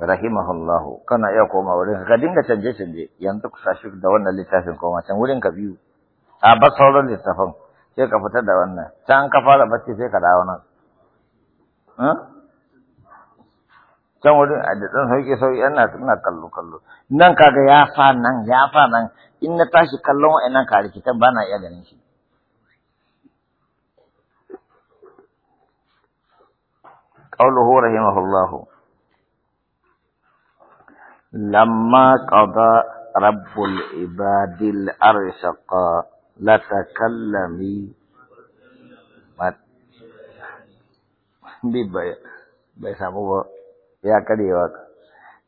rahimahullahu kana iya koma wurin ka dinga canje canje yanzu ku sashi da wannan littafin koma can wurin ka biyu a ba sauran littafin sai ka fitar da wannan can ka fara bacci sai ka dawo nan can wurin a da ɗan sauƙi sauƙi ana ina kallo kallo nan kaga ya fa nan ya fa nan in na tashi kallon wa'annan ka rikitan ba na iya ganin shi قوله رحمه الله لما قضى رب العباد الأرشق لتكلمي يا كريم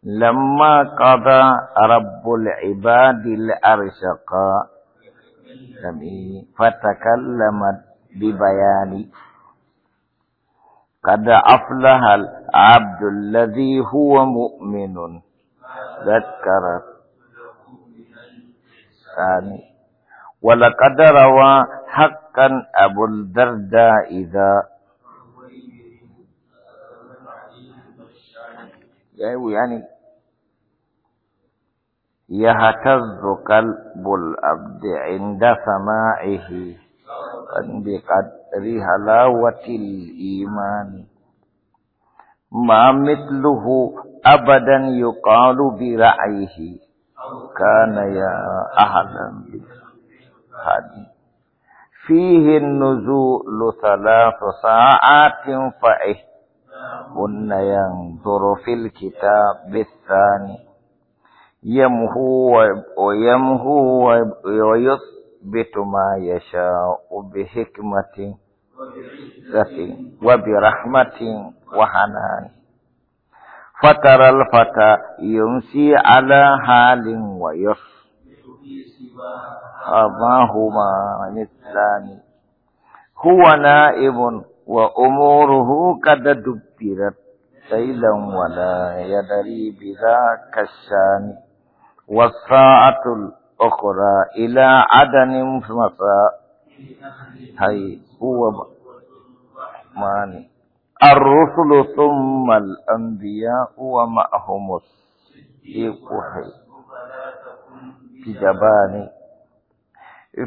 لما قضى رب العباد الأرشق فتكلمت ببيان قد أفلح العبد الذي هو مؤمن ذكر ثاني ولقد روى حقا أبو الدرداء إذا يعني يهتز قلب الأبد عند سماعه بقدر هلاوة الإيمان ما مثله أبدا يقال برعيه كان يا أهلا هذه فيه النزول ثلاث ساعات فإه كن ينظر في الكتاب الثاني يمهو ويمهو ويثبت ما يشاء بحكمة وبرحمة وحنان فترى الفتى يمسي على حال ويص أباهما عن الثاني هو نائب وأموره قد دبرت ليلا ولا يدري بذاك الشان والساعة الأخرى إلى عدن مساء هي هو ماني الرسل ثم الأنبياء ومعهم الصديق كجبان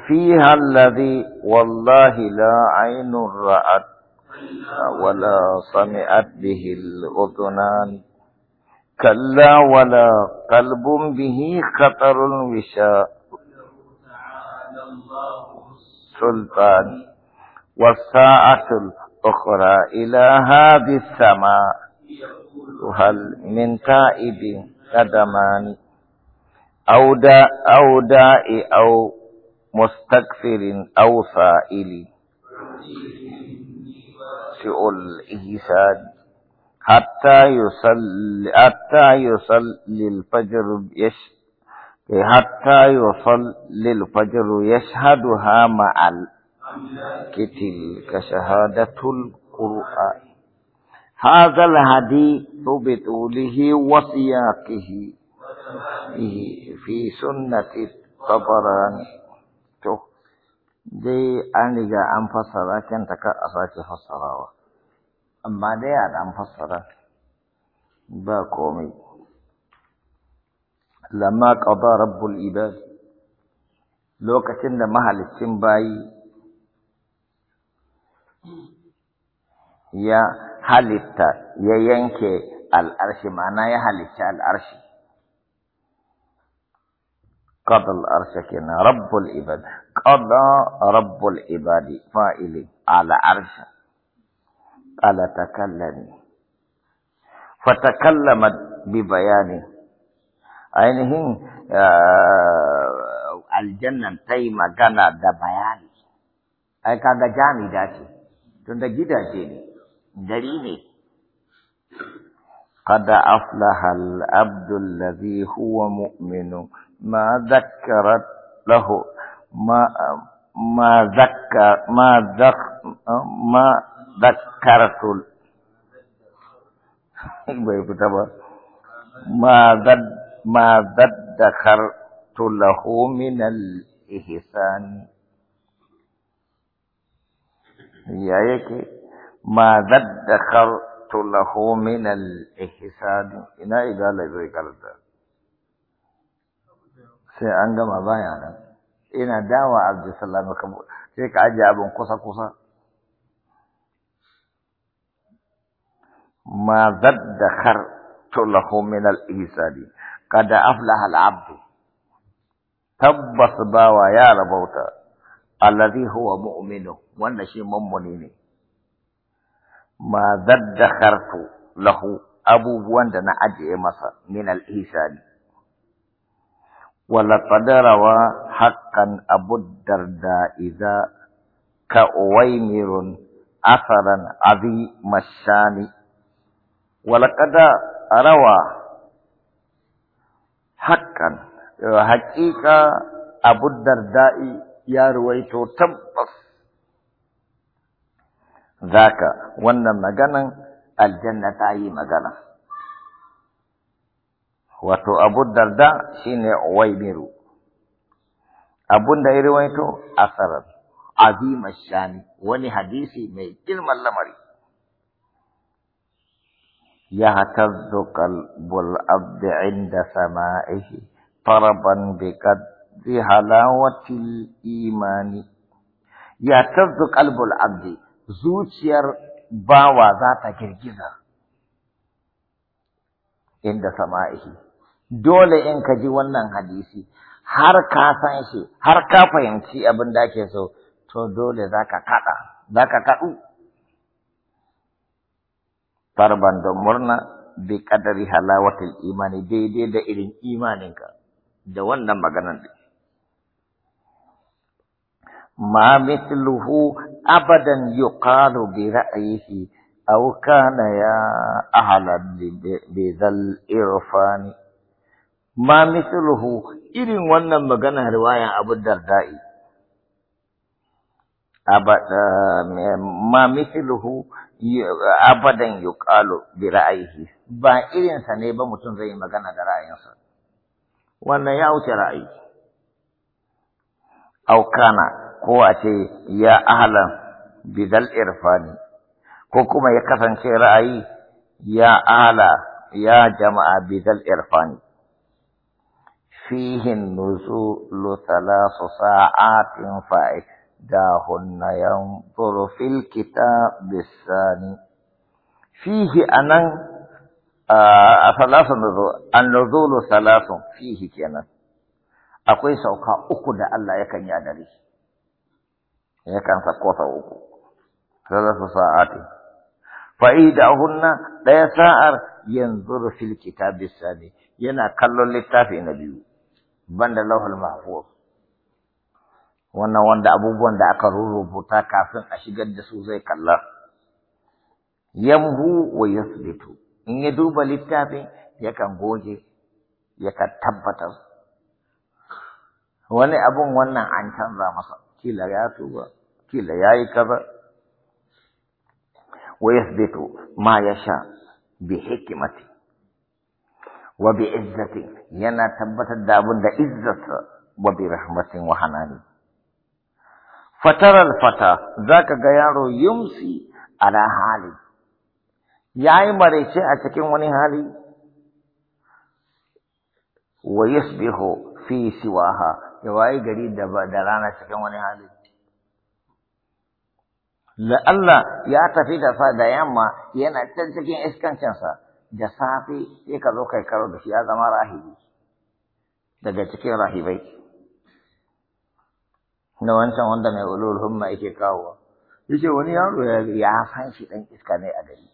فيها الذي والله لا عين رأت ولا سمعت به الأذنان كلا ولا قلب به خطر وشاء سلطان والساعة أخرى إلى هذه السماء هل من تائب قدمان أو داء أو داء أو مستكثر أو سائل سوء الإحسان حتى يصل حتى يصل للفجر يش حتى يصل للفجر يشهدها مع كتلك شهادة القرآن هذا الحديث بطوله وسياقه في سنة الطبراني دي أن لجا أنفسرا كنت كأساك فسرا أما دي أن أنفسرا باكومي لما قضى رب العباد لو كتن محل السنباي يا halitta يا ينكي الارشي ma'ana ya halitta al'arshi قَضَ الْأَرْشَ كِنَا رَبُّ العباد قضى رَبُّ العباد فَائِلِ عَلَى عَرْشَ قَلَ تَكَلَّمِ فَتَكَلَّمَتْ بِبَيَانِ أَيْنِهِنْ الجنة تَيْمَ جَنَا دَ بَيَانِ أَيْكَ جاني جَانِ tunda gidaje ne gari ne قد أفلح العبد الذي هو مؤمن ما ذكرت له ما ما ذكر ما ذك ما ذكرت ما ذد ما ذكرت له من الإحسان يايك ما ذكرت له من الإحسان إنا إذا لذي قلت سيأنقم أبايانا إنا داوى عبد السلام الكبول هيك عجاب قصة قصة ما ذكرت له من الإحسان قد أفلح العبد تبص باوا يا ربوتا الذي هو مؤمن وانا شيء مؤمنين ما ذدخرت له أبو بوان أجئ مصر من الإحسان ولقد روى حقا أبو الدرداء إذا كأويمر أثرا عظيم مشان ولقد روى حقا حقيقة أبو الدرداء ya ruwaito tabbas zaka wannan maganan aljanna ta yi magana wato abu darda shine miru. abun da ya ruwaito asarar azimar shani wani hadisi mai girman lamari bul القلب inda عند سمائه طربا بقد imani ya الإيمان يهتز abdi, zuciyar bawa za ta girgiza. inda sama'ihi dole in ka ji wannan hadisi har ka san shi har ka fahimci abin da ake so to dole zaka kada zaka kadu farban da murna bi qadari halawatil imani daidai da irin imaninka da wannan maganar ma mithluhu abadan yuqalu bi ra'yihi aw kana ya ahla bi dhal irfan ma mithluhu irin wannan magana riwaya Abu Darda'i abada ma mithluhu abadan yuqalu bi ra'yihi ba irin sa ne ba mutum zai magana da ra'ayinsa wannan ya wuce ra'ayi aw kana ko a ce ya ahalan bidal irfani ko kuma ya kasance ra'ayi ya ala ya jama'a bidal irfani fihin nuzu lutala su sa'atin fa'i da hunna yan turufil kita bisani fihi a nan a salasun nuzu an nuzu lutala fihi kenan akwai sauka uku da Allah ya kan yi a dare yakan sako sa uku salasu sa'ati da ɗaya sa'ar yanzuru fil bisa sani yana kallon littafi na biyu banda lauhul mahfuz wannan wanda abubuwan da aka rubuta kafin a shigar da su zai kalla yamhu wa yasbitu in ya duba littafin yakan goge yakan tabbatar wani abun wannan an canza masa kila ya tuba kila ya yi kaza wa yathbitu ma yasha bi hikimati wa bi izzati yana tabbatar da abin da izzarsa wa bi rahmatin wa hanani fataral fata zaka ga yaro yumsi ala hali yayi maraice a cikin wani hali wa yasbihu fi siwaha ya waye gari da rana cikin wani hali Allah ya tafi da sa da yamma yana can cikin iskancinsa da safe sai ka zo kai karo da shi ya zama rahibi daga cikin rahibai na wancan wanda mai ulul humma yake kawowa yace wani yaro ya san shi dan iska ne a gari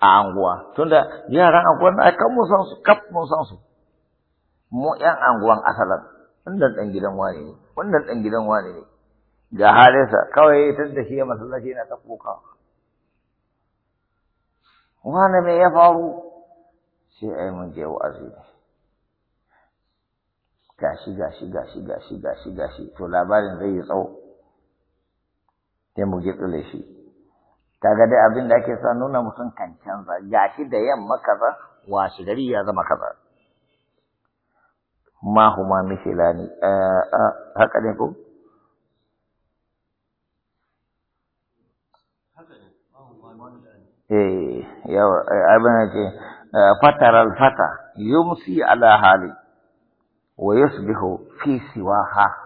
a anguwa tunda yaran anguwa na kan mun san su kaf mun san mu ƴan anguwan asalan wannan ɗan gidan wane ne wannan ɗan gidan wane ne ga halinsa kawai ya tadda shi ya masallaci yana ta kuka wane me ya faru sai ai mun je wa'azi ne gashi gashi gashi gashi gashi gashi to labarin zai yi tsawo sai mu gitsile shi kaga dai abin da ake sa nuna mutum kan canza gashi da yamma kaza washi gari ya zama kaza ما هما مثلاني آه، آه، هكذا يقول إيه يا ابنك آه، فتر الفتى يمسي على حالي ويصبح في سواها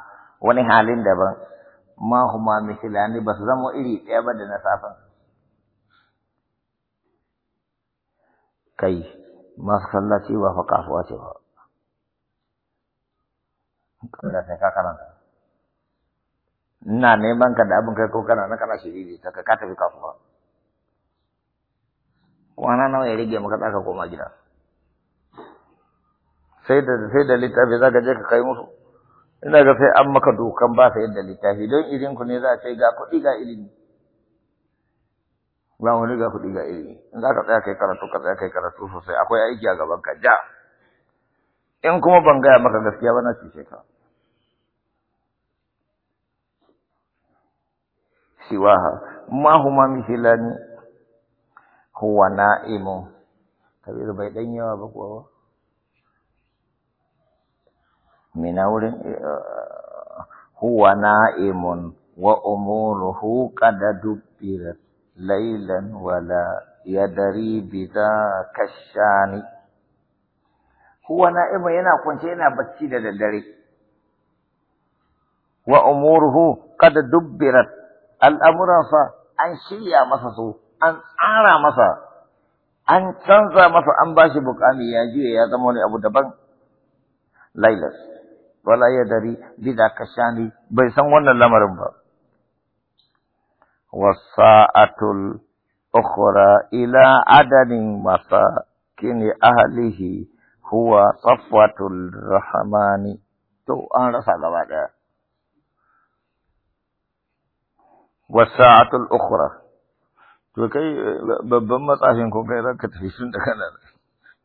وني حالين دبا ما هما مثلان بس زمو إلي أبدا نسافا كي ما صلى سوى فقاس واسوى Allah sai ka karanta ina neman ka da abin kai ko kana na kana shiriri ta ka tafi kasuwa kwana nawa ya rige maka tsaka koma gida sai da sai da littafi za ka je ka kai musu ina ga sai an maka dokan ba sai da littafi don irin ku ne za a ce ga kuɗi ga ilimi ba wani ga kuɗi ga ilimi in za ka tsaya kai karatu ka tsaya kai karatu sosai akwai aiki a gaban ka ja in kuma ban gaya maka gaskiya ba na cuce ka siwaha ma huma misilani huwa na'imu kabiru bai dan yawa ba kuwa mina wurin eh, huwa na'imun wa umuruhu qad dubbirat laylan wala yadri bi dhaka kashani. huwa na'ima yana kwance yana bacci da daddare wa umuruhu qad dubbirat al'amuransa an shirya masa su an tsara masa an canza masa an bashi bukami ya juya ya zama wani abu daban lailas wala ya dari bida kashani bai san wannan lamarin ba wasa'atul ukhra ila adadin masakin ahlihi huwa safwatul rahmani to an rasa gaba daya wasa'atul ukhra to kai babban matsafin ko kai zaka tafi tun da kana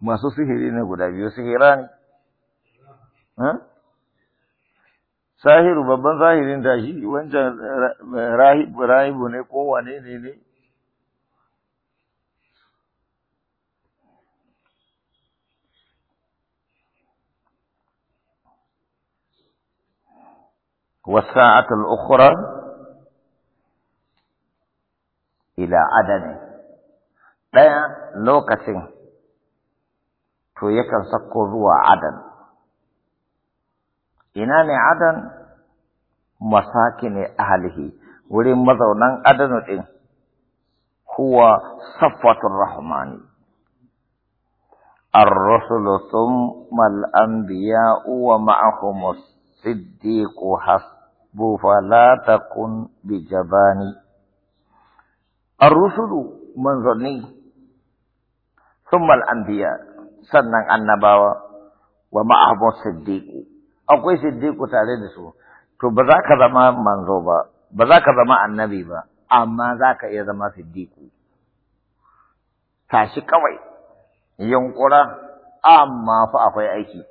masu sihiri ne guda biyu sihira ne sahiru babban sahirin da shi wancan rahibu ne ko wane ne ne والساعة الأخرى إلى عدن لا لوكتين تو يكن سكو عدن إنان عدن مساكن أهله ولي مذو نان عدن هو صفة الرحمن الرسل ثم الأنبياء ومعهم الصديق حسن bu falatakun bi jabani ar-rusulu manzanni summal anbiya sannan annabawa wa ma'ahmu siddiqu akwai siddiqu tare da su to ba za ka zama manzo ba ba za ka zama annabi ba amma za ka iya zama siddiqu tashi kawai yunkura amma fa akwai aiki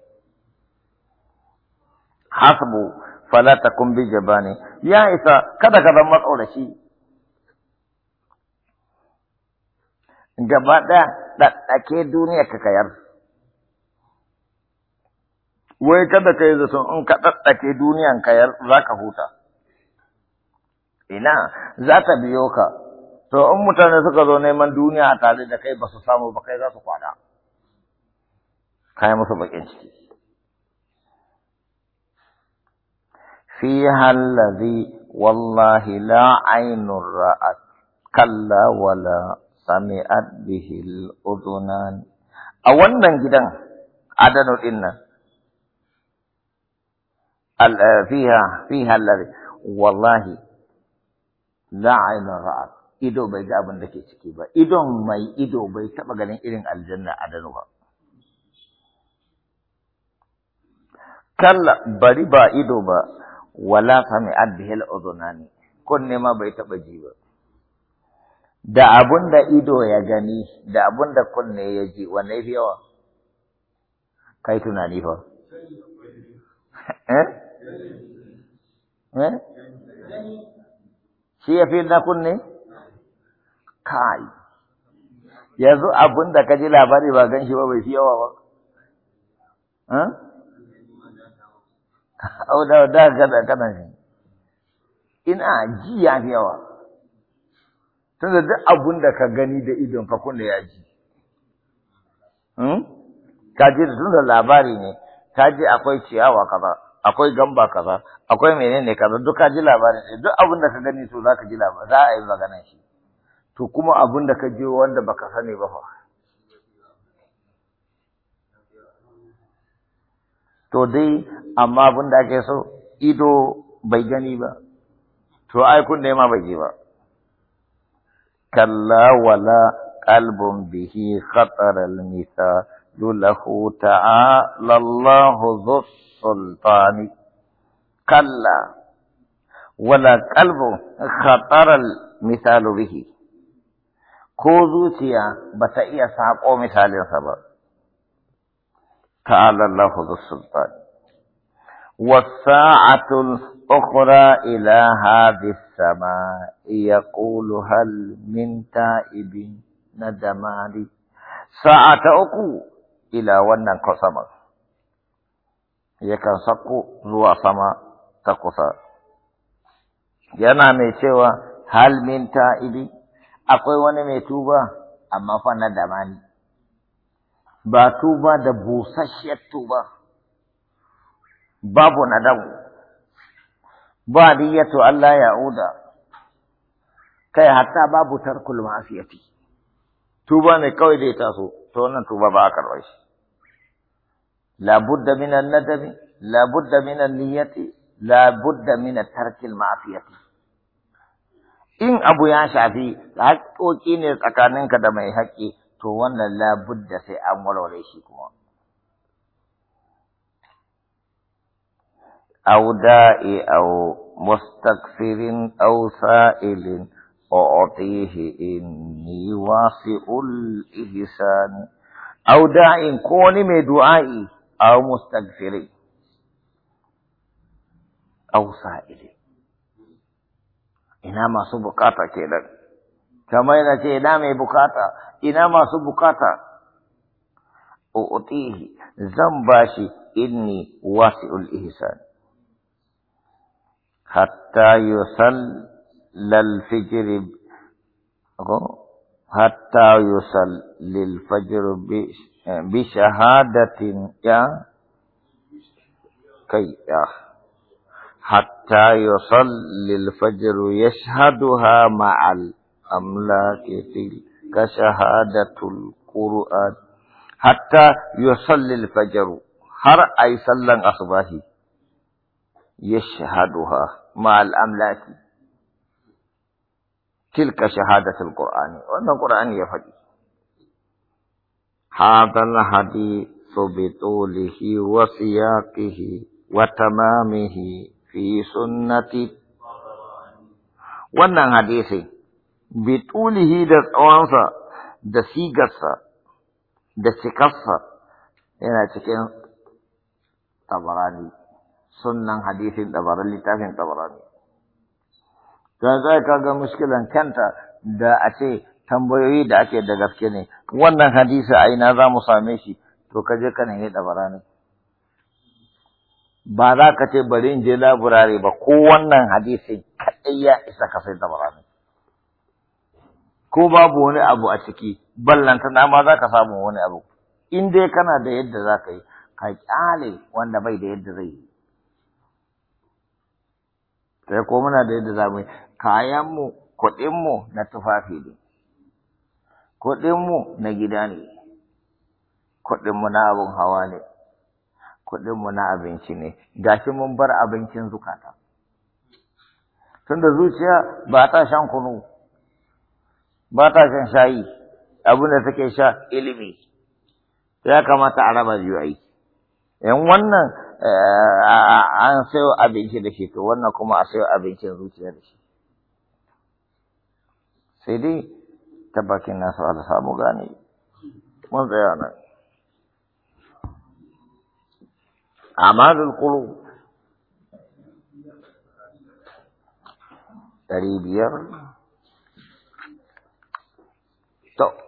hasbu fala kun bi jabani ya isa kada ka zama tsorashi gaba ɗaya ɗaɗɗake duniya ka kayar wai kada ka yi zaton in ka ɗaɗɗake duniyan kayar za ka huta ina za ta biyo ka to in mutane suka zo neman duniya a tare da kai ba su samu ba kai za su kwada, kayan musu bakin ciki fi hallazi wallahi la ainihin ra’at kalla wala sami bihil uzunan. A wannan gidan adanu din nan, fi hallazi wallahi la ainihin Ido bai ga abin da ke ciki ba, idon mai ido bai taɓa ganin irin aljanna a danu ba. Kalla bari ba ido ba, wala sami'at bihil udhunani kunne ma bai taba ji ba da abun da ido ya gani da abun da kunne ya ji wanne fi yawa kai tunani fa eh eh shi ya fi na kunne kai yanzu abun da ka ji labari ba gan shi ba bai fi yawa ba eh au da da gada kana shi ina ji ya fi yawa tunda duk abun da ka gani da idon ka kunne ya ji hmm? ka ji tunda labari ne ka ji akwai ciyawa kaza akwai gamba kaza akwai menene kaza duk ka ji labarin ne duk abun da ka gani to zaka ji labarin za a yi maganar shi to kuma abun da ka ji wanda baka sani ba fa to dai amma abin da ake so ido bai gani ba to ai kunne ma bai ji ba kalla wala qalbun bihi khatar al له تعالى الله ذو السلطان كلا ولا قلب خطر المثال به كوزوتيا بتأيي ساقو مثال سبب تعالى الله ذو السلطان والساعة الأخرى إلى هذه السماء يقول هل من تائب ندماري ساعة أقو إلى ونن قسم يكن سقو زوا سما تقصى yana mai cewa hal min ta'ibi akwai wani mai tuba amma fa na ba tuba da busasshiyar tuba babu nadamu ba niyyatu Allah ya uda kai hatta babu tarkul ma'asiyati tuba ne kawai da ya taso to wannan tuba ba a karɓar shi labudda min nadami labudda min niyyati labudda min tarkil ma'asiyati in abu ya shafi haƙƙoƙi ne tsakaninka da mai haƙƙi to wannan labudda sai an walwale shi kuma. أو داء أو مستكثر أو سائل أعطيه إني واسع الإحسان أو داء كوني من دعائي أو مستكثر أو سائل إنما سبقاتك لك كما ينتهي نام بكاتا إنا ما سبكاتا أعطيه زنباشي إني واسع الإحسان حتى يصل للفجر ب... حتى يصل للفجر ب... بشهادة يا كي يا حتى يصل للفجر يشهدها مع ال... amlaki til ka shahadatul qur'an hatta yusalli al fajr har ay sallan asbahi yashhaduha ma al amlaki til ka shahadatul qur'an wa anna qur'an ya faɗi. hadha al hadi subitu lihi wa siyaqihi wa fi sunnati wannan hadisi bitulihi da tsawonsa da sigarsa da cikarsa yana cikin tabarani sunan hadisin tabarani littafin tabarani don zai kaga muskilan kanta da a ce tambayoyi da ake da gaske ne wannan hadisi a ina za mu same shi to ka je kana yi tabarani ba za ka ce bari in je laburare ba ko wannan hadisin kaɗai ya isa ka sai tabarani ko babu wani abu a ciki ballantana ma za ka samu wani abu in dai kana da yadda za ka yi ka kyale wanda bai da yadda zai yi sai ko muna da yadda za mu yi kayanmu kuɗinmu na tufafi ne kuɗinmu na gida ne kuɗinmu na abin hawa ne kuɗinmu na abinci ne gashi mun bar abincin zukata tunda zuciya ba ta shan kunu ba ta san shayi abin da take sha ilimi ya kamata a raba biyu ai in wannan eh, an sayo abinci da shi to wannan kuma a sayo abincin zuciya da shi sai dai ta bakin nasu da samu gane mun tsaya nan amalul kulu dari biyar Stop.